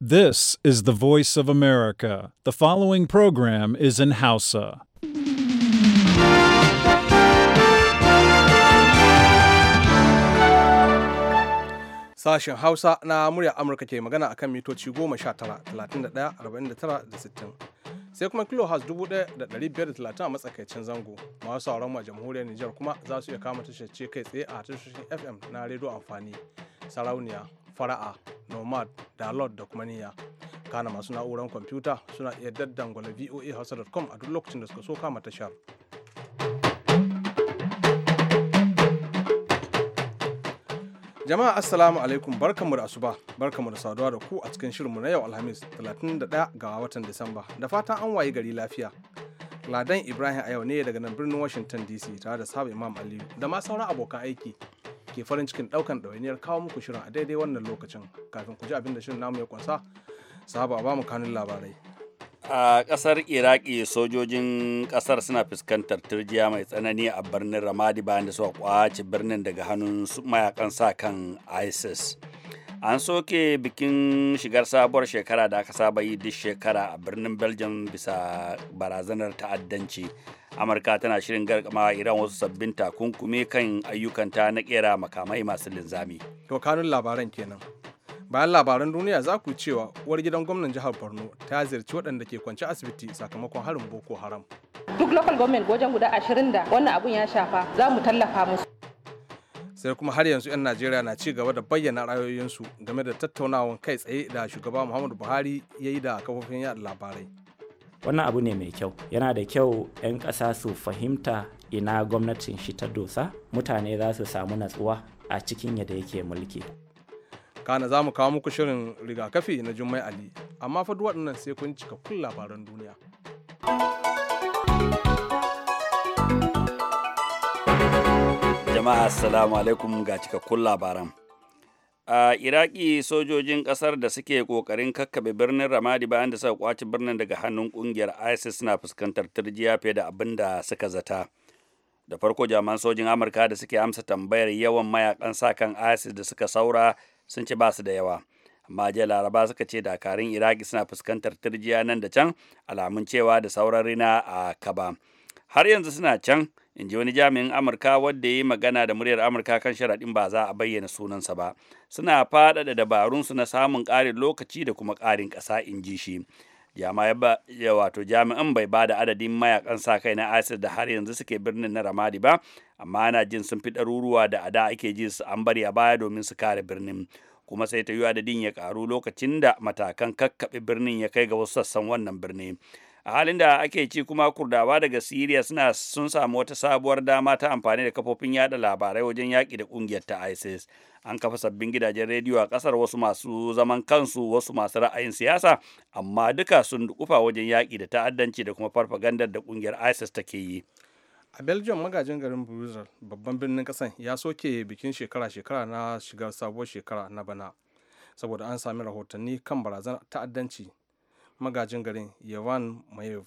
This is the voice of America. The following program is in Hausa. Sashen Hausa na murya Amurka ke magana a kan mitoci 19 tara 49 60 sai kuma kilohas 1,530 a matsakaicin zango masu sauran a jamhuriyar Nijar kuma za su iya kama tashar kai tsaye a tashoshin FM na rediyo amfani sarauniya fara'a nomad download da kuma niyya kana masu na'urar kwamfuta suna iya daddangwala voa hausa.com a duk lokacin da suka so kama tashar jama'a assalamu alaikum barkanmu da asuba barkanmu da saduwa da ku a cikin shirinmu na yau alhamis 31 ga watan disamba da fatan an wayi gari lafiya ladan ibrahim a yau ne daga nan birnin washington dc tare da sabu imam aliyu da ma sauran abokan aiki ke farin cikin ɗaukan ɗawainiyar kawo muku shirin a daidai wannan lokacin kafin ku ji abin da shirin namu ya kunsa sahaba ba mu kanun labarai a ƙasar iraki sojojin ƙasar suna fuskantar turjiya mai tsanani a birnin ramadi bayan da suka kwace birnin daga hannun mayakan sa kan isis an soke bikin shigar sabuwar shekara da aka saba yi duk shekara a birnin belgium bisa barazanar ta'addanci amurka tana shirin garkama iran wasu sabbin takunkumi kan ayyukanta na kera makamai masu linzami to labaran kenan bayan labaran duniya za ku cewa uwar gidan gwamnan jihar borno ta ziyarci waɗanda ke kwance asibiti sakamakon harin boko haram duk local government wajen guda ashirin da wannan abun ya shafa za mu tallafa musu sai kuma har yanzu 'yan najeriya na ci gaba da bayyana ra'ayoyinsu game da tattaunawan kai tsaye da shugaba muhammadu buhari ya yi da kafofin yada labarai wannan abu ne mai kyau yana da kyau 'yan ƙasa su fahimta ina gwamnatin shi ta dosa mutane za su samu natsuwa a cikin yadda yake mulki kana za mu kawo muku shirin rigakafi na jummai ali amma fa waɗannan sai kun cika kun labaran duniya jama'a assalamu alaikum ga cikakkun labaran a iraki sojojin kasar da suke kokarin kakkabe birnin ramadi bayan da suka kwaci birnin daga hannun kungiyar isis suna fuskantar turjiya fiye da abin da suka zata da farko jaman sojin amurka da suke amsa tambayar yawan mayakan sa kan isis da suka saura sun ci basu da yawa amma jiya laraba suka ce dakarun iraki suna fuskantar turjiya nan da can alamun cewa da sauran rina a kaba har yanzu suna can in ji wani jami'in amurka wadda ya yi magana da muryar amurka kan sharaɗin ba za a bayyana sunansa ba suna faɗaɗa dabarunsu na samun ƙarin lokaci da kuma ƙarin ƙasa in ji shi wato jami'an bai ba da adadin mayakan sa kai na isis da har yanzu suke birnin na ramadi ba amma ana jin sun fi ɗaruruwa da ada ake ji su an bari a baya domin su kare birnin kuma sai ta yi adadin ya ƙaru lokacin da matakan kakkaɓe birnin ya kai ga wasu sassan wannan birnin. a halin da ake ci kuma kurdawa daga siriya suna sun samu wata sabuwar dama ta amfani da kafofin yada labarai wajen yaƙi da ƙungiyar ta isis an kafa sabbin gidajen rediyo a ƙasar wasu masu zaman kansu wasu masu ra'ayin siyasa amma duka sun dukufa wajen yaƙi da ta'addanci da kuma farfagandar da ƙungiyar isis ta ke yi a belgium magajin garin brussels babban birnin ƙasan ya soke bikin shekara-shekara na shigar sabuwar shekara na bana saboda an sami rahotanni kan barazana ta'addanci magajin garin yavan mayev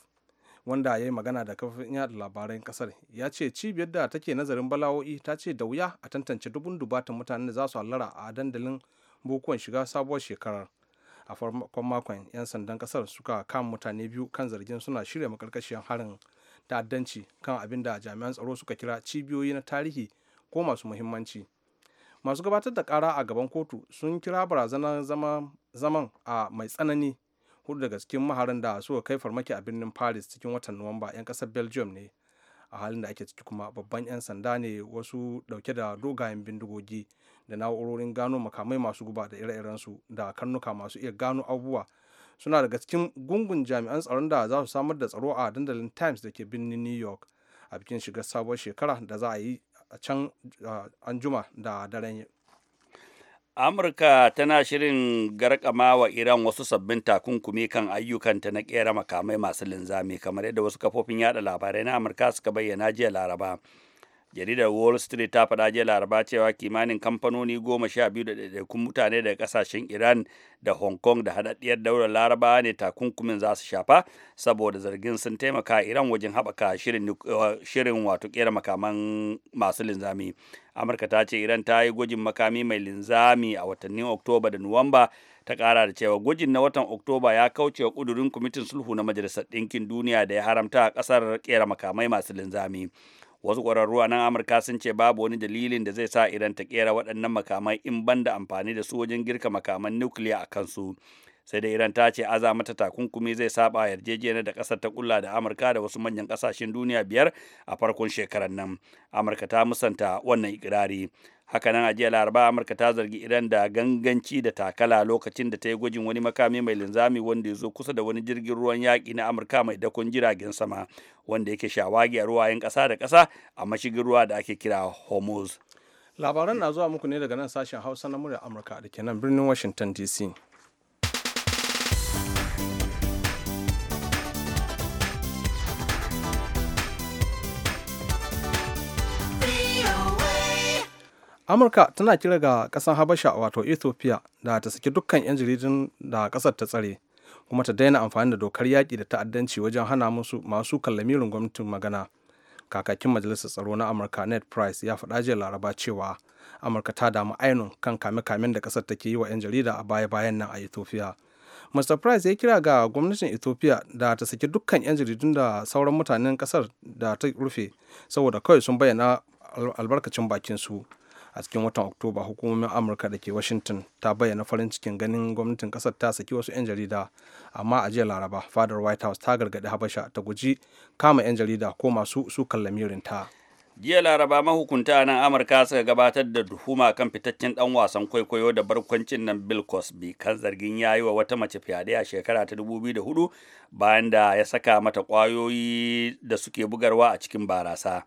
wanda ya yi magana da kafin yada labaran kasar ya ce cibiyar da take nazarin bala'o'i ta ce da wuya a tantance dubun dubatan mutanen da za su hallara a dandalin bukuwan shiga sabuwar shekarar a farkon makon 'yan sandan kasar suka kama mutane biyu kan zargin suna shirya makarkashiyar harin ta'addanci kan abin da jami'an tsaro suka kira cibiyoyi na tarihi ko masu muhimmanci masu gabatar da kara a gaban kotu sun kira barazanar zaman a mai tsanani hudu daga cikin maharin da suka kai farmaki a birnin paris cikin watan nuwamba 'yan kasar belgium ne a halin da ake ciki kuma babban 'yan sanda ne wasu dauke da dogayen bindigogi da na'urorin gano makamai masu guba da ire iren su da karnuka masu iya gano abubuwa suna daga cikin gungun jami'an tsaron da za su samar da tsaro a dandalin times da ke birnin new york a bikin shigar sabuwar shekara da za a yi a can anjuma da daren Amurka tana shirin garkama wa Iran wasu sabbin takunkumi kan ayyukanta na kera makamai masu linzami kamar yadda wasu kafofin yada labarai na Amurka suka bayyana jiya Laraba. jaridar wall street ta faɗa jiya laraba cewa kimanin kamfanoni goma sha biyu da ɗaiɗaikun mutane daga ƙasashen iran da hong kong da haɗaɗɗiyar daular laraba ne takunkumin za su shafa saboda zargin sun taimaka iran wajen haɓaka eh, shirin wato ƙera makaman masu linzami amurka ta ce iran ta yi gwajin makami mai linzami a watannin oktoba da nuwamba ta kara da cewa gwajin na watan oktoba ya kauce wa kudurin kwamitin sulhu na majalisar ɗinkin duniya da ya haramta a ƙasar ƙera makamai masu linzami wasu ƙwararru a nan amurka sun ce babu wani dalilin da zai sa iran ta kera waɗannan makamai in ban da amfani da su wajen girka makaman nukiliya a kansu sai da iran ta ce aza mata takunkumi zai saba yarjejeniyar da ƙasar ta kulla da amurka da wasu manyan ƙasashen duniya biyar a farkon shekarar nan amurka ta musanta wannan ikirari hakanan a jiya laraba amurka ta zargi iran da ganganci da takala lokacin da ta yi gwajin wani makami mai linzami wanda ya zo kusa da wani jirgin ruwan yaƙi na amurka mai dakon jiragen sama wanda yake shawagi a ruwayen ƙasa da ƙasa a mashigin ruwa da ake kira homos. labaran na zuwa muku ne daga nan sashen hausa na murya amurka da ke nan birnin washington dc amurka tana kira ga kasan habasha wato ethiopia da ta saki dukkan 'yan jaridun da kasar ta tsare kuma ta daina amfani da dokar yaƙi da ta'addanci wajen hana musu masu kallamirin gwamnatin magana kakakin majalisar tsaro na amurka ned price ya faɗa jiya laraba cewa amurka ta damu ainun kan kame-kamen da ƙasar take yi wa 'yan jarida a baya-bayan nan a ethiopia mr price ya kira ga gwamnatin ethiopia da ta saki dukkan 'yan jaridun da sauran mutanen kasar da ta rufe saboda kawai sun bayyana albarkacin bakin su a cikin watan oktoba hukumomin amurka da ke washington ta bayyana farin cikin ganin gwamnatin kasar ta saki wasu 'yan jarida amma a jiya laraba fadar white house ta gargaɗi habasha ta guji kama 'yan jarida ko masu sukan lamirin ta jiya laraba mahukunta nan amurka suka gabatar da duhuma kan fitaccen dan wasan kwaikwayo da barkwancin nan bill cosby kan zargin ya yi wa wata mace fyaɗe a shekara ta 2004 bayan da ya saka mata kwayoyi da suke bugarwa a cikin barasa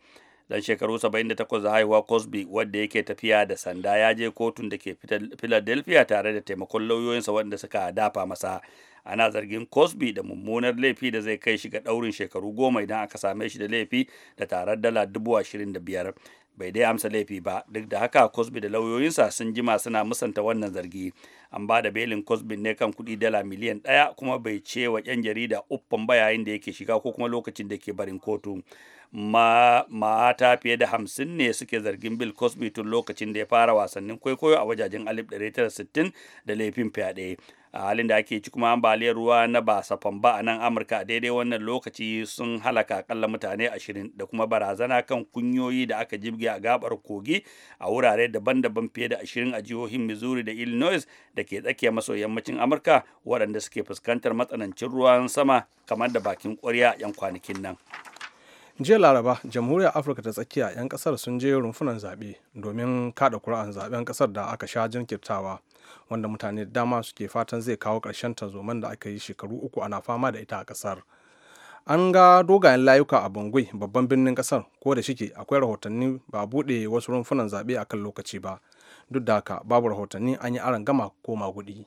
dan shekaru 78 da haihuwa cosby wadda yake tafiya da sanda ya je kotun da ke philadelphia tare da taimakon lauyoyinsa waɗanda suka dafa masa ana zargin cosby da mummunar laifi da zai kai shi ga ɗaurin shekaru goma idan aka same shi da laifi da tarar dala dubu ashirin da biyar bai dai amsa laifi ba duk da haka cosby da lauyoyinsa sun jima suna musanta wannan zargi an ba da belin cosby ne kan kudi dala miliyan ɗaya kuma bai ce wa 'yan jarida uffan ba yayin da yake shiga ko kuma lokacin da ke barin kotu ma mata fiye da hamsin ne suke zargin bill cosby tun lokacin da ya fara wasannin kwaikwayo a wajajen 1960 da laifin fyaɗe a halin da ake ci kuma ambaliyar ruwa na basafan ba a nan amurka a daidai wannan lokaci sun halaka akalla mutane ashirin da kuma barazana kan kunyoyi da aka jibge a gabar kogi a wurare daban-daban fiye da ashirin a jihohin missouri da illinois da ke tsakiya maso yammacin amurka waɗanda suke fuskantar matsanancin ruwan sama kamar da bakin ƙwarya 'yan kwanakin nan jiya laraba jamhuriyar afirka ta tsakiya 'yan kasar sun je rumfunan zaɓe domin kaɗa kuri'an zaɓen kasar da aka sha jinkirtawa wanda mutane da dama suke fatan zai kawo ƙarshen tarzoman da aka yi shekaru uku ana fama da ita a ƙasar an ga dogayen layuka a bangui babban birnin ƙasar ko da shike akwai rahotanni ba a buɗe wasu rumfunan zaɓe a kan lokaci ba duk da haka babu rahotanni an yi aron gama ko maguɗi.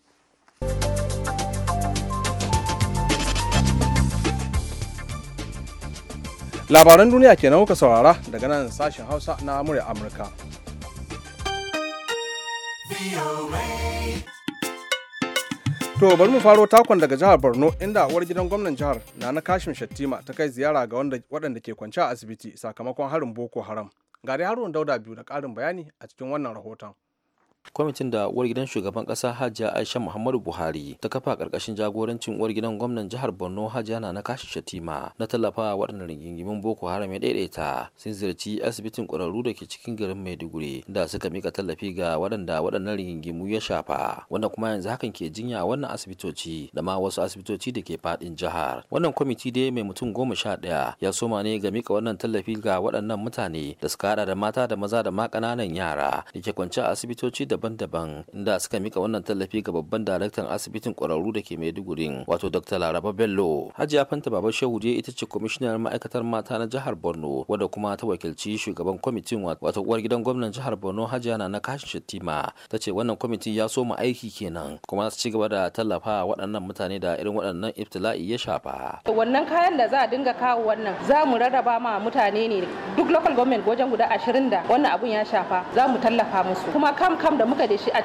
labaran duniya kenan kuka saurara daga nan sashen hausa na murya amurka To bari mu faro takon daga jihar Borno inda uwar gidan gwamnan jihar na na kashin Shattima ta kai ziyara ga waɗanda ke kwance a asibiti sakamakon harin Boko Haram. Gari Haruna Dauda biyu da ƙarin bayani a cikin wannan rahoton. kwamitin da uwar gidan shugaban kasa hajiya aisha muhammadu buhari ta kafa karkashin jagorancin uwar gidan gwamnan jihar borno hajiya na kashi shatima na tallafa waɗanda rigingimin boko haram ya daidaita sun ziyarci asibitin ƙwararru da ke cikin garin maiduguri da suka mika tallafi ga waɗanda waɗannan rigingimu ya shafa wanda kuma yanzu hakan ke jinya wannan asibitoci da ma wasu asibitoci da ke faɗin jihar wannan kwamiti dai mai mutum goma sha ɗaya ya soma ne ga mika wannan tallafi ga waɗannan mutane da suka haɗa da mata da maza da ma ƙananan yara da ke kwance a asibitoci da daban-daban inda suka mika wannan tallafi ga babban daraktan asibitin kwararru da ke maiduguri wato dr laraba bello hajiya fanta baba shehuje ita ce kwamishinar ma'aikatar mata na jihar borno wadda kuma ta wakilci shugaban kwamitin wato uwar gidan gwamnan jihar borno hajiya na na kashin shettima ta ce wannan kwamiti ya mu aiki kenan kuma su ci gaba da tallafa waɗannan mutane da irin waɗannan iftila'i ya shafa wannan kayan da za a dinga kawo wannan za mu rarraba ma mutane ne duk local government wajen guda ashirin da wannan abun ya shafa za mu tallafa musu kuma kam kam da muka da shi a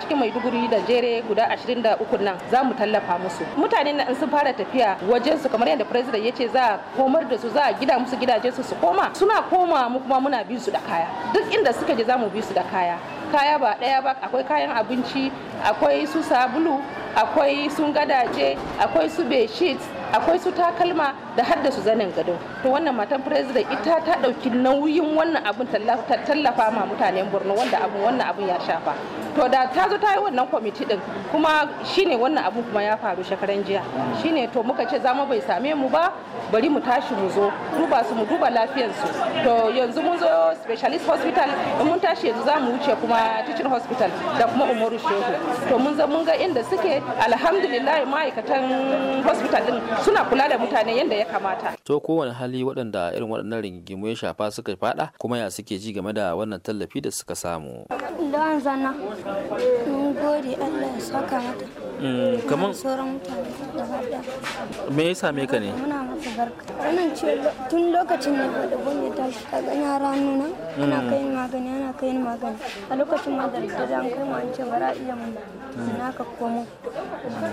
cikin Maiduguri da jere guda 23 nan za mu tallafa musu mutanen nan sun fara tafiya wajen su kamar yadda president ya ce za komar da su za a gida musu gidaje su su koma suna koma mu kuma muna bi su da kaya duk inda suka je za mu bi su da kaya kaya ba ɗaya ba akwai kayan abinci akwai su sabulu akwai sun gadaje akwai su bedsheets akwai su takalma da haddasa zanen gado to wannan matan president ita ta dauki nauyin wannan abin tallafa ma mutanen borno wanda abin wannan abin ya shafa to da ta zo ta yi wannan kwamiti din kuma shine wannan abin kuma ya faru shekaran jiya shine to muka ce zama bai same mu ba bari mu tashi mu zo duba su mu duba su, to yanzu mun zo specialist hospital in mun tashi yanzu za mu wuce kuma teaching hospital da kuma umaru shehu to mun mun ga inda suke alhamdulillah ma'aikatan hospital din suna kula da mutane yanda ya kamata. To kowane hali waɗanda irin waɗannan rigimu ya shafa suka faɗa kuma ya suke ji game da wannan tallafi da suka samu. Da wanzana, mun gode Allah ya saka mata. Mm, kamar sauran mutane me ya same ka ne muna masa barka wannan ce tun lokacin ne da bane ta tashi ka gani har nuna ana mm. kai magani ana kai magani a lokacin ma da da an kai an ce bara iya mun mm. na ka komo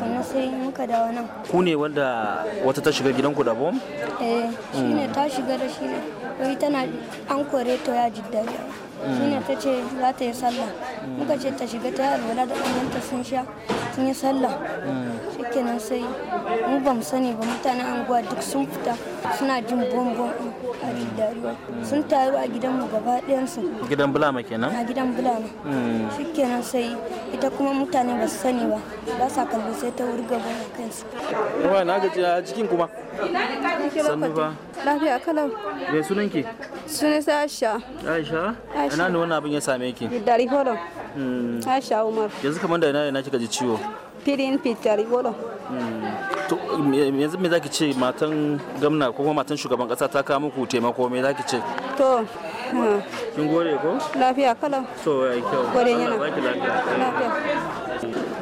sannan sai muka da nan ku ne wanda wata ta shiga gidanku da bom eh shine ta shiga da shi ne wai tana an kore to ya jidda shine ta ce za ta yi sallah muka ce ta shiga ta alwala da ɗanyanta sun sha sun yi sallah shikenan sai mu ba mu sani ba mutanen anguwa duk sun fita suna jin bombon a dariwa sun taru a gidanmu gaba ɗayansu gidan bulama kenan a gidan bulama hmm. shikenan sai ita kuma mutane ba su sani ba ba sa kallo sai ta wurga ba kansu wa na gaji a jikin kuma sannu ba lafiya kalau me sunan ki Sune sai Aisha. Aisha? Ina ne wannan abin ya same ki? Dari holo. Hmm. Aisha Umar. Yanzu kamar da ina ina kika ji ciwo? Firin fitari holo. Hmm. yanzu me zaki ce matan gamna ko kuma matan shugaban kasa ta kawo muku taimako me zaki ce? To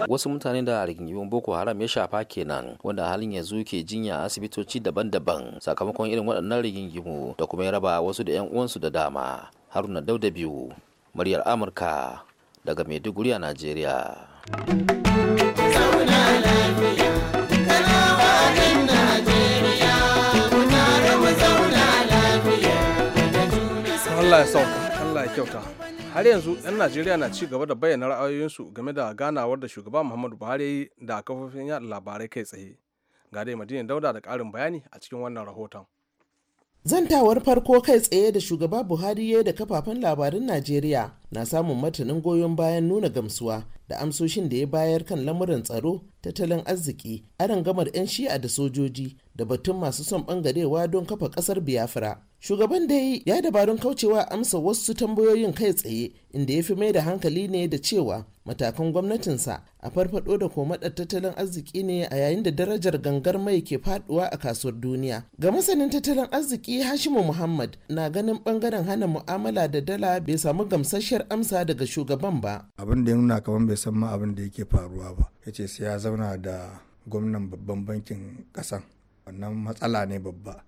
wasu mutane da rigingimin boko haram ya shafa kenan wanda halin yanzu ke jinya asibitoci daban-daban sakamakon irin waɗannan rigingimu da kuma ya raba wasu da 'yan uwansu da dama haruna dauda biyu muryar amurka daga maiduguri a najeriya Allah ya sauka, Allah ya kyauta. Har yanzu 'yan Najeriya na ci gaba da bayyana ra'ayoyinsu game da ganawar da shugaba Muhammadu Buhari da kafofin yada labarai kai tsaye. Ga dai Madina Dauda da ƙarin bayani a cikin wannan rahoton. Zantawar farko kai tsaye da shugaba Buhari ya da kafafen labarin Najeriya na samun matanin goyon bayan nuna gamsuwa da amsoshin da ya bayar kan lamurin tsaro, tattalin arziki, aron gamar 'yan shi'a da sojoji da batun masu son bangarewa don kafa kasar Biafra. shugaban dai ya dabarun kaucewa amsa wasu tambayoyin kai tsaye inda ya fi mai da hankali ne da cewa matakan gwamnatinsa a farfado da komaɗar tattalin arziki ne a yayin da darajar gangar mai ke faduwa a kasuwar duniya ga masanin tattalin arziki hashimu muhammad na ganin bangaren hana mu'amala da dala bai samu gamsasshiyar amsa daga shugaban ba abin da ya nuna bai san ma abin da yake faruwa ba ya ce sai ya zauna da gwamnan babban bankin kasan wannan matsala ne babba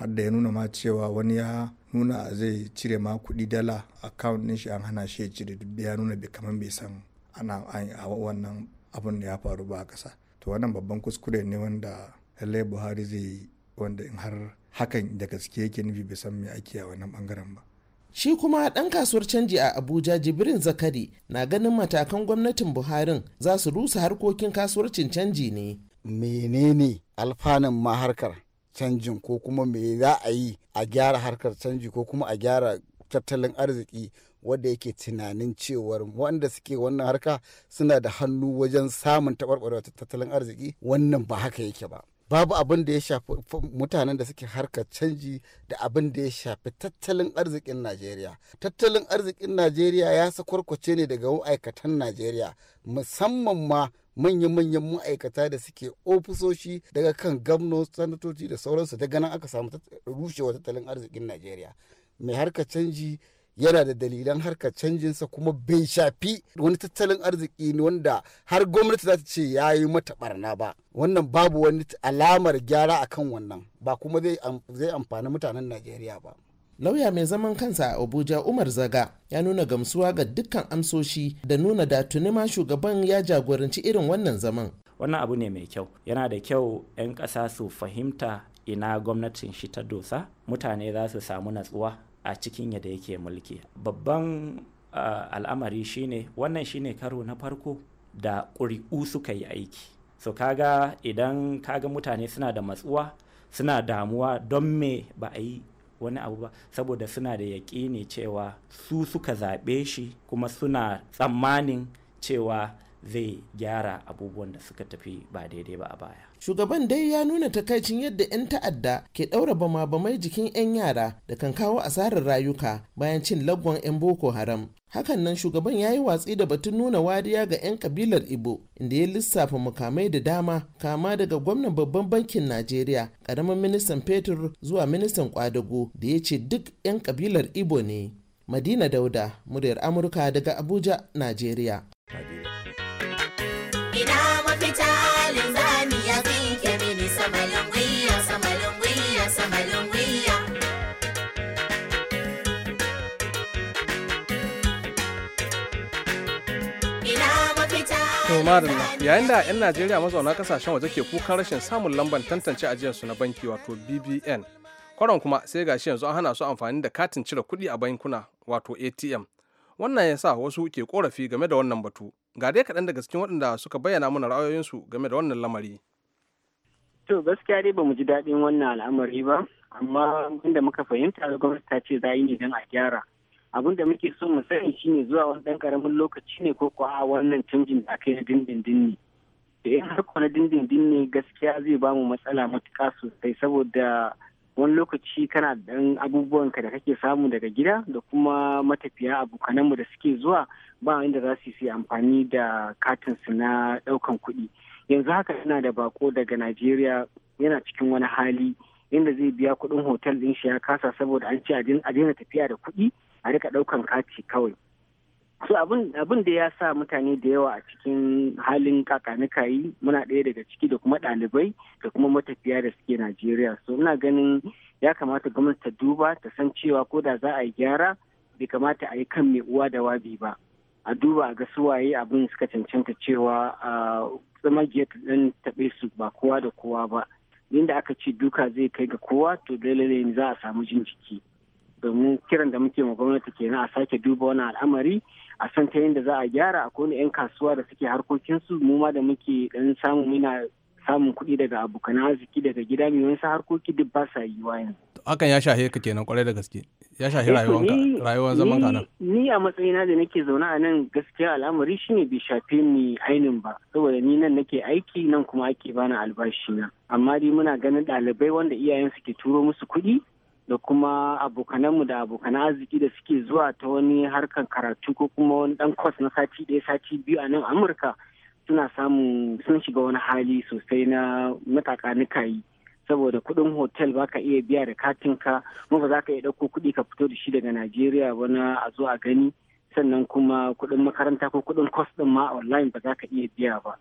har da ya nuna ma cewa wani ya nuna a zai cire ma kuɗi dala account ɗin shi an hana shi ya cire duk ya nuna bai kamar bai san ana a wannan abin da ya faru ba a ƙasa to wannan babban kuskure ne wanda lallai buhari zai yi wanda in har hakan da gaske yake nufi bai san me ake a wannan bangaren ba shi kuma ɗan kasuwar canji a abuja jibrin zakari na ganin matakan gwamnatin buharin za su rusa harkokin kasuwarcin canji ne menene alfanun maharkar. canjin ko kuma me za a yi a gyara harkar canji ko kuma a gyara tattalin arziki wanda yake tunanin cewar wanda suke wannan harka suna da hannu wajen samun taɓarɓarewa tattalin arziki wannan ba haka yake ba babu abin da ya shafi mutanen da suke harkar canji da abin da ya shafi tattalin arzikin najeriya tattalin arzikin najeriya ya sa kwarkwace ne daga ma'aikatan najeriya musamman ma manya-manyan ma'aikata da suke ofisoshi daga kan gamno sanatoci da sauransu daga nan aka samu rushewa tattalin arzikin najeriya mai harkar canji yana da dalilan harkar canjinsa kuma bai shafi wani tattalin arziki ne wanda har gwamnati za ta ce ya yi mata barna ba wannan babu wani alamar gyara akan wannan ba kuma zai amfani mutanen najeriya ba lauya mai zaman kansa a abuja umar zaga ya nuna gamsuwa ga dukkan amsoshi da nuna da tuni ma shugaban ya jagoranci irin wannan zaman wannan abu ne mai kyau yana da kyau 'yan ƙasa su fahimta ina gwamnatin shi ta dosa mutane za su samu natsuwa a cikin yadda yake mulki babban al'amari shine wannan shine karo na farko da ƙuri'u suka yi aiki so kaga idan kaga mutane suna da matsuwa suna damuwa don me ba a yi wani abu ba saboda suna da yaƙini cewa su suka zaɓe shi kuma suna tsammanin cewa zai gyara abubuwan da suka tafi ba daidai ba a baya shugaban dai ya nuna takaicin yadda 'yan ta'adda ke ɗaura bama-bamai jikin 'yan yara da kan kawo asarar rayuka bayan cin lagwan 'yan boko haram hakan nan shugaban ya yi watsi da batun nuna wariya ga 'yan kabilar ibo inda ya lissafa mukamai da dama kama daga gwamnan babban bankin najeriya karamin ministan fetur zuwa ministan kwadago da ya ce duk 'yan kabilar ibo ne madina dauda muryar amurka daga abuja najeriya yayin da 'yan najeriya mazauna kasashen waje ke kukan rashin samun lambar tantance ajiyarsu na banki wato bbn kwaron kuma sai gashi yanzu an hana su amfani da katin cire kuɗi a bankuna wato atm wannan ya sa wasu ke korafi game da wannan batu ga dai kaɗan daga cikin waɗanda suka bayyana mana ra'ayoyinsu game da wannan lamari to gaskiya dai mu ji daɗin wannan al'amari ba amma inda muka fahimta gwamnati ta ce za yi ne don a gyara abin da muke so mu sani shine zuwa wani dan karamin lokaci ne ko kuwa wannan canjin da aka yi dindindin ne da eh, in harko na dindindin ne gaskiya zai ba mu matsala matuƙa sosai saboda wani lokaci kana dan ka da kake samu daga gida da kuma matafiya abokananmu da suke zuwa ba inda za su yi amfani da katin su na ɗaukan kuɗi yanzu haka yana da bako daga najeriya yana cikin wani hali inda zai biya kuɗin hotel din shi ya kasa saboda an ce a daina tafiya da kuɗi a rika ɗaukan kati kawai so abin da ya sa mutane da yawa a cikin halin kakanuka yi muna ɗaya daga ciki da kuma ɗalibai da kuma matafiya da suke najeriya so ina ganin ya kamata gwamnati ta duba ta san cewa ko da za a yi gyara bai kamata a yi kan mai uwa da wabi ba a duba a ga waye abin suka cancanta cewa a tsamagiyar ɗan taɓe su ba kowa da kowa ba inda aka ce duka zai kai ga kowa to dole ne za a samu jin jiki domin kiran da muke ma gwamnati kenan a sake duba wani al'amari a san ta da za a gyara akwai wani 'yan kasuwa da suke harkokinsu mu ma da muke dan samu muna samun kuɗi daga abokan arziki daga gida mai wasu harkoki duk ba sa yiwa yanzu. hakan ya shahe ka kenan kwarai da gaske ya shahe eh rayuwar zaman ka nan ni a matsayina da nake zaune a nan gaskiya al'amari shine bai shafe ni ainin ba saboda ni nan nake aiki nan kuma ake bani albashi na amma dai muna ganin ɗalibai wanda iyayensu ke turo musu kuɗi da kuma abokananmu da abokan arziki da suke zuwa ta wani harkar karatu ko kuma wani dan kwas na sati ɗaya sati biyu a nan amurka suna samun sun shiga wani hali sosai na mataka nikayi saboda kuɗin hotel baka iya biya da katinka kuma ba za ka iya dauko kuɗi ka fito da shi daga najeriya wani a zo a gani sannan kuma kuɗin makaranta ko kuɗin kwas ɗin ma online ba za ka iya biya ba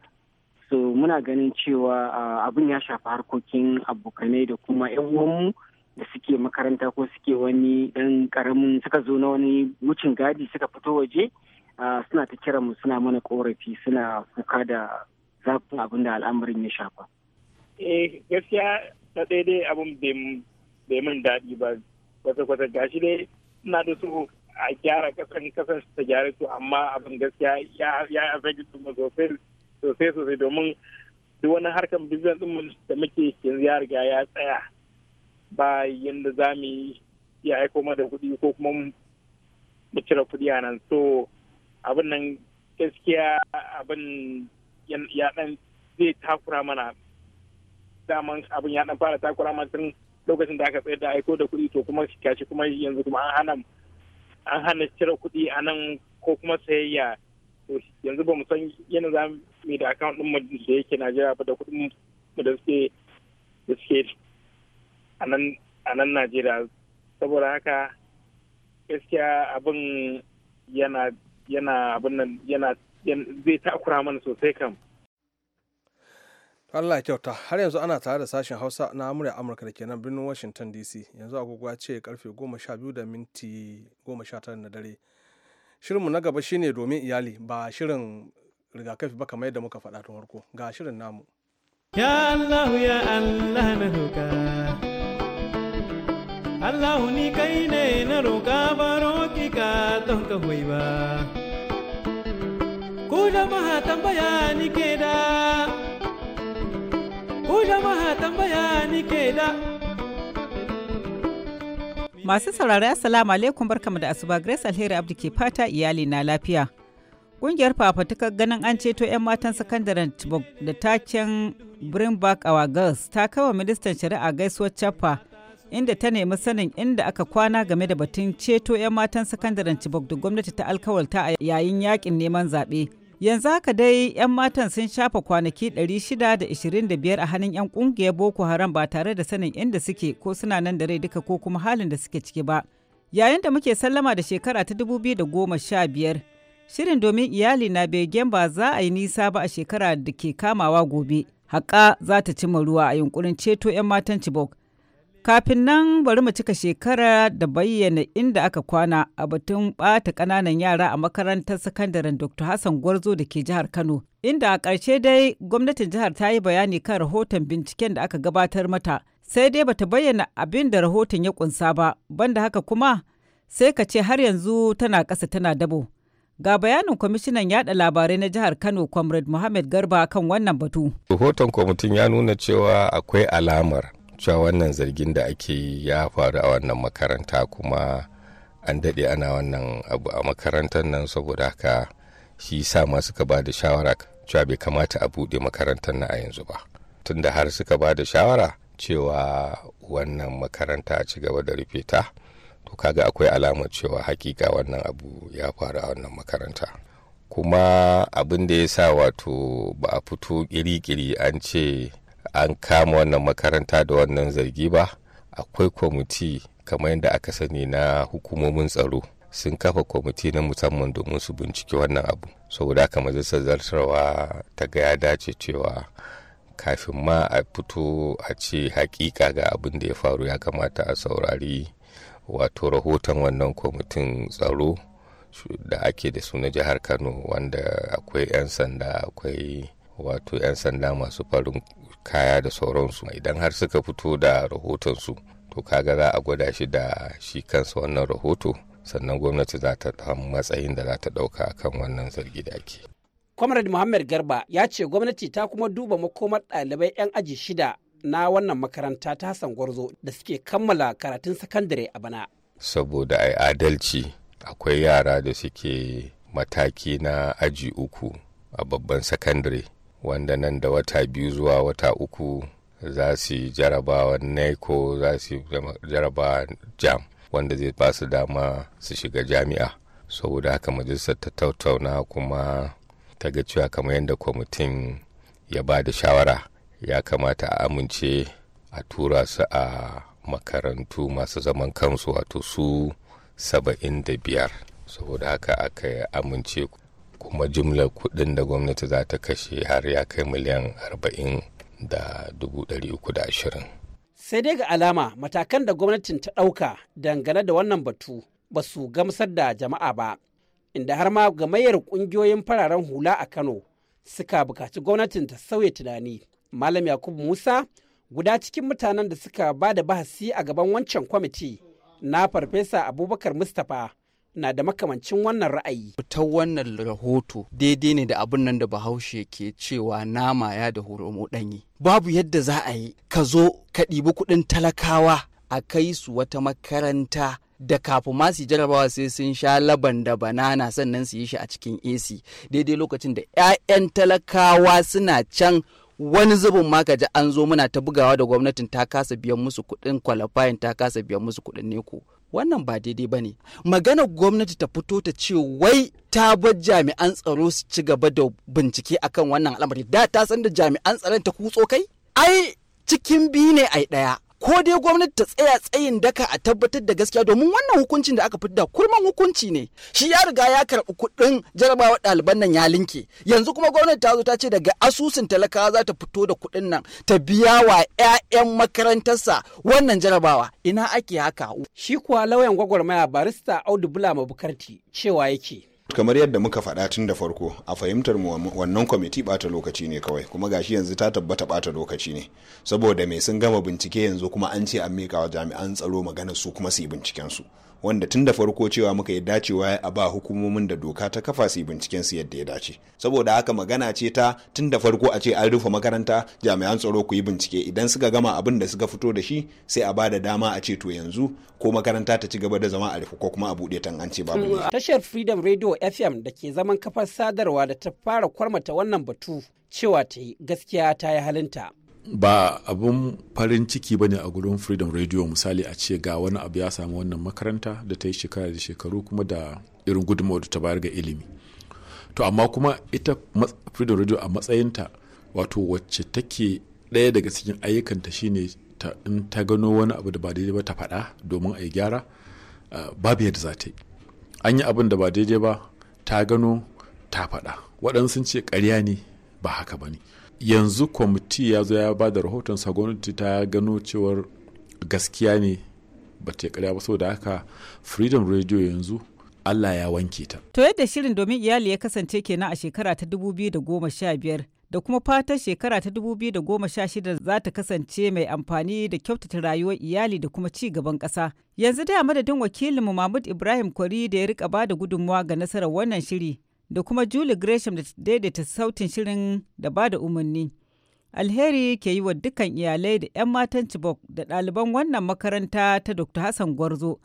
so muna ganin cewa ah, abin ya shafi harkokin abokanai da kuma 'yan uwanmu da suke makaranta ko suke wani dan karamin suka zo na wani wucin gadi suka fito waje suna ta kira mu suna mana korafi suna kuka da zafin abin da al'amarin ya shafa. Eh gaskiya ta daidai abin ya min daɗi ba kwata-kwata gashi dai suna da su a gyara kasan kasan ta gyara su amma abin gaskiya ya affect mu sosai sosai domin duk wani harkar business din da muke yanzu ya riga ya tsaya ba yadda za mu yi ya aiko da kuɗi ko kuma mu cire kuɗi a nan so abin nan gaskiya abin ya ɗan zai takura mana daman abin ya ɗan fara takura mana tun lokacin da aka tsayar da aiko da kuɗi to kuma shi kuma yanzu kuma an hana an hana cire kuɗi a nan ko kuma sayayya to yanzu ba mu san yana za mu da account ɗin mu da yake Najeriya ba da kuɗin mu da suke da suke a nan najeriya saboda haka gaskiya abin yana yana abin nan yana zai takura mana sosai kam Allah ya kyauta har yanzu ana tare da sashen Hausa na Amurka Amurka da kenan birnin Washington DC yanzu agogo ce karfe 12 da minti 19 na dare shirinmu na gaba shine domin iyali ba shirin rigakafi ba kamar yadda muka faɗa tun farko ga shirin namu ya Allah ya Allah na hukar. Allah ni kai ne na roƙa baro ki ka don ka hoi ba. Ku jama'a tambaya ni ke da, ku jama'a tambaya ni ke da. Masu saurari Assalamu alaikum barkamu da asuba Grace Alheri Abdi ke fata iyali na lafiya. Ƙungiyar fafatukar ganin an ceto 'yan matan sakandaren da taken Bring Back Our Girls ta kawo ministan shari'a gaisuwar Chapa inda ta nemi sanin inda aka kwana game da batun ceto 'yan matan sakandaren Chibok da gwamnati ta alkawalta a yayin yakin neman zaɓe. Yanzu haka dai 'yan matan sun shafa kwanaki 625 a hannun 'yan ƙungiyar Boko Haram ba tare da sanin inda suke ko suna nan da rai duka ko kuma halin da suke ciki ba. Yayin da muke sallama da shekara ta da goma sha biyar. shirin domin iyali na begen ba za a yi nisa ba a shekara da ke kamawa gobe. Haƙa za ta cimma ruwa a yunkurin ceto 'yan matan Chibok. Kafin nan bari mu cika shekara da bayyana inda aka kwana a batun bata kananan yara a makarantar sakandaren Dr. Hassan Gwarzo da ke jihar Kano. Inda a ƙarshe dai gwamnatin jihar ta yi bayani kan rahoton binciken da aka gabatar mata. Sai dai bata bayyana abin da rahoton ya kunsa ba, banda haka kuma sai ka ce har yanzu tana ƙasa tana dabo. Ga bayanin kwamishinan yada labarai na jihar Kano Comrade Mohammed Garba kan wannan batu. Rahoton kwamitin ya nuna cewa akwai alamar cewa wannan zargin da ake ya faru a wannan makaranta kuma an daɗe ana wannan abu a makarantar nan saboda haka shi sa ma suka ba da shawara cewa bai kamata a buɗe makarantar na a yanzu ba tunda har suka ba da shawara cewa wannan makaranta a ci gaba da rufe ta to kaga akwai alamar cewa hakika wannan abu ya faru a wannan makaranta kuma abin da ya sa wato ba a fito kiri-kiri an ce an kama wannan makaranta da wannan zargi ba akwai kwamiti kamar yadda aka sani na hukumomin tsaro sun kafa kwamiti na musamman domin su bincike wannan abu saboda haka majalisar zartarwa ta ga ya dace cewa kafin ma a fito a ce hakika ga abin da ya faru ya kamata a saurari wato rahoton wannan kwamitin tsaro da ake da su na jihar kano wanda akwai 'yan sanda akwai wato 'yan sanda masu farin kaya da sauransu idan har suka fito da rahotonsu to kaga za a gwada shi da shi kansa wannan rahoto sannan gwamnati za ta ɗan matsayin da za ta ɗauka akan wannan zargi da ake. Comrade Muhammad Garba ya ce gwamnati ta kuma duba makomar ɗalibai 'yan aji shida na wannan makaranta ta san Gwarzo da suke kammala karatun sakandare a bana. Saboda ai adalci akwai yara da suke mataki na aji uku a babban sakandare wanda nan da wata biyu zuwa wata uku za su jarabawa neko za su jarabawa jam wanda zai ba su dama su shiga jami'a saboda haka majalisar ta tattauna kuma ta ga cewa kamar yadda kwamitin ya ba da shawara ya kamata a amince a tura su a makarantu masu zaman kansu wato su saba'in da biyar saboda haka aka amince kuma jimlar kuɗin da gwamnati za ta kashe har ya kai miliyan arba'in da dubu ɗari uku da ashirin. sai dai ga alama matakan da gwamnatin ta ɗauka dangane da wannan batu ba su gamsar da jama'a ba inda har ma ga gamayyar ƙungiyoyin fararen hula a kano suka bukaci gwamnatin ta sauya tunani malam yakubu musa guda cikin mutanen da suka ba da bahasi a gaban wancan kwamiti na farfesa abubakar mustapha na da makamancin wannan ra'ayi. Ta wannan rahoto daidai ne da abin nan da bahaushe ke cewa nama ya da horomo ɗanyi. Babu yadda za a yi ka zo ka ɗibi kuɗin talakawa a kai su wata makaranta da kafin ma su jarabawa sai sun sha laban da banana sannan su yi shi a cikin AC daidai lokacin da 'ya'yan talakawa suna can wani zubin ma ka ji an zo muna ta bugawa da gwamnatin ta kasa biyan musu kuɗin kwalafayin ta kasa biyan musu kuɗin neko. wannan ba daidai ba ne maganar gwamnati ta fito ta ce wai ta bar jami'an tsaro su ci gaba da bincike akan wannan al'amari da ta san da jami'an tsaron ta kutso kai ai cikin biyu ne ai ɗaya ko dai gwamnati ta tsaya tsayin daka a tabbatar da gaskiya domin wannan hukuncin da aka da kurman hukunci ne shi ya riga ya karɓi kuɗin jarabawa ɗaliban nan ya linke yanzu kuma gwamnati ta zo ta ce daga asusun talakawa za ta fito da kuɗin nan ta biya wa 'ya'yan makarantarsa wannan jarabawa ina ake haka shi kuwa lauyan gwagwarmaya barista audu bula mabukarti cewa yake kamar yadda muka faɗa tun da farko a fahimtar mu wannan kwamiti bata lokaci ne kawai kuma gashi yanzu ta tabbata bata lokaci ne saboda me sun gama bincike yanzu kuma an ce an mika wa jami'an tsaro magana su kuma su yi binciken su wanda tun da farko cewa muka yi dacewa a ba hukumomin da doka ta kafa su binciken su yadda ya dace saboda haka magana ce ta tun da farko a ce an rufe makaranta jami'an tsaro ku yi bincike idan suka gama abin da suka fito da shi sai a ba da dama a ce to yanzu ko makaranta ta ci gaba da zama a rufe ko kuma a buɗe tan an ce babu tashar freedom radio fm da ke zaman kafar sadarwa da ta fara kwarmata wannan batu cewa ta yi gaskiya ta yi halinta ba abun farin ciki bane a gurin freedom radio misali a ce ga wani abu ya samu wannan makaranta da ta yi shekara da shekaru kuma da irin gudunmawar da ta bayar ga ilimi to amma kuma ita freedom radio a matsayinta wato wacce take ɗaya daga cikin ayyukanta shine ta in ta gano wani abu da ba daidai ba ta faɗa domin a yi gyara ah, babu yadda za ta yi an yi abin da ba daidai ba ta gano ta faɗa waɗansu sun ce ƙarya ne ba haka ba ne yanzu kwamiti ya zo ya ba da rahoton sa gwamnati ta gano cewar gaskiya ne ba ta karya ba saboda haka freedom radio yanzu allah ya wanke ta to yadda shirin domin iyali ya kasance kenan a shekara ta 2015 da kuma fatan shekara ta 2016 za ta kasance mai amfani da kyautata rayuwar iyali da kuma ci gaban ƙasa. Yanzu da madadin wakilinmu Mahmud Ibrahim Kwari da ya rika ba da gudunmawa ga nasarar wannan shiri da kuma Julie Gresham da daidaita sautin shirin da ba da umarni. Alheri ke yi wa dukkan iyalai da 'yan matan Chibok da ɗaliban wannan makaranta ta Dr. Hassan Gwarzo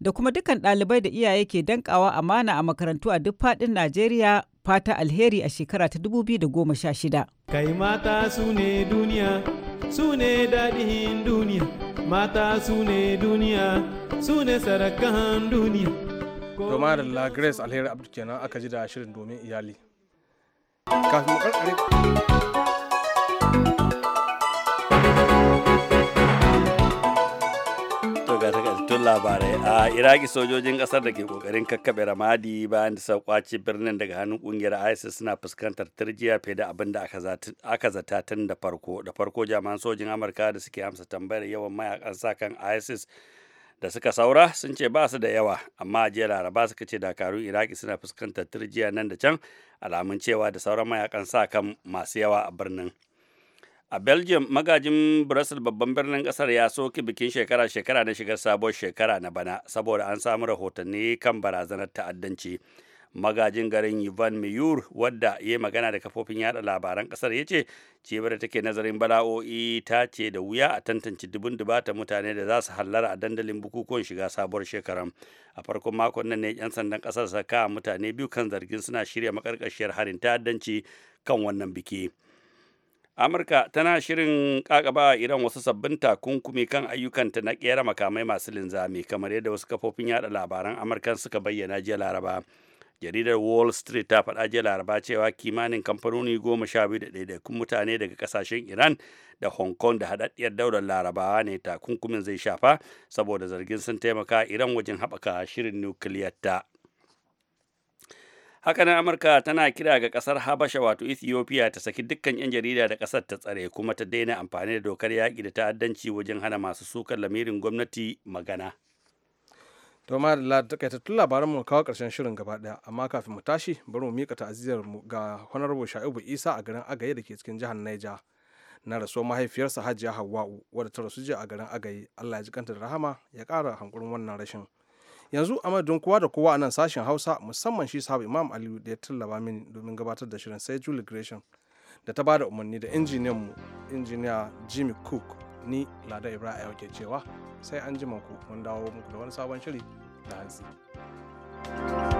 da kuma dukan ɗalibai da iyaye ke dankawa amana a makarantu a duk faɗin Najeriya fata alheri a shekara ta 2016. Kai mata su ne duniya, su ne daɗin duniya, mata su ne duniya, su ne sarakan duniya. Doma da La Grace Alheri Abdu kenan labarai a iraki sojojin kasar da ke kokarin kakkaɓe ramadi bayan da sau birnin daga hannun kungiyar isis suna fuskantar turjiya fiye da abin da aka zata tun da farko da farko jami'an sojin amurka da suke amsa tambayar yawan mayakan sa kan isis da suka saura sun ce ba su da yawa amma jiya laraba suka ce dakarun iraki suna fuskantar turjiya nan da can alamun cewa da sauran mayakan sa kan masu yawa a birnin a belgium magajin brussels babban birnin kasar ya soke bikin shekara-shekara na shigar sabuwar shekara na bana saboda an samu rahotanni kan barazanar ta'addanci magajin garin ivan miyur wadda ya magana da kafofin yada labaran kasar ya ce cibiyar take nazarin bala'o'i ta ce da wuya a tantance dubun dubata mutane da za su hallara a dandalin bukukuwan shiga sabuwar shekaran a farkon makon nan ne yan sandan kasar saka mutane biyu kan zargin suna shirya makarkashiyar harin ta'addanci kan wannan biki amurka tana shirin kakaba iran wasu sabbin takunkumi kan ayyukanta na kera makamai masu linzami kamar yadda wasu kafofin yada labaran amurka suka bayyana jiya laraba jaridar wall street ta faɗa jiya laraba cewa kimanin kamfanoni goma sha biyu da ɗaiɗaikun mutane daga ƙasashen iran da hong kong da haɗaɗɗiyar daular larabawa ne takunkumin zai shafa saboda zargin sun taimaka iran wajen haɓaka shirin nukiliyar ta hakanan amurka tana kira ga ƙasar habasha wato ethiopia ta saki dukkan 'yan jarida da ƙasar ta tsare kuma ta daina amfani da dokar yaƙi da ta'addanci wajen hana masu sukar lamirin gwamnati magana to ma da takaitattun labaran mu kawo karshen shirin gaba daya amma kafin mu tashi bari mu mika ta'aziyar mu ga honorable Sha'ibu Isa a garin Agaye da ke cikin jihar Niger na rasuwar mahaifiyarsa Hajiya Hawwa'u wadda ta rasu jiya a garin Agaye Allah ya ji kanta da rahama ya ƙara hankurin wannan rashin yanzu a madadin kowa da kowa a nan sashen Hausa musamman shi sabu Imam Aliyu da ya tallaba mini domin gabatar da shirin sai Julie Gresham da ta ba da umarni da injiniyan mu injiniya Jimmy Cook ni Lada Ibrahim ke cewa sai an ji ku mun dawo muku da wani sabon shiri na hantsi. thank you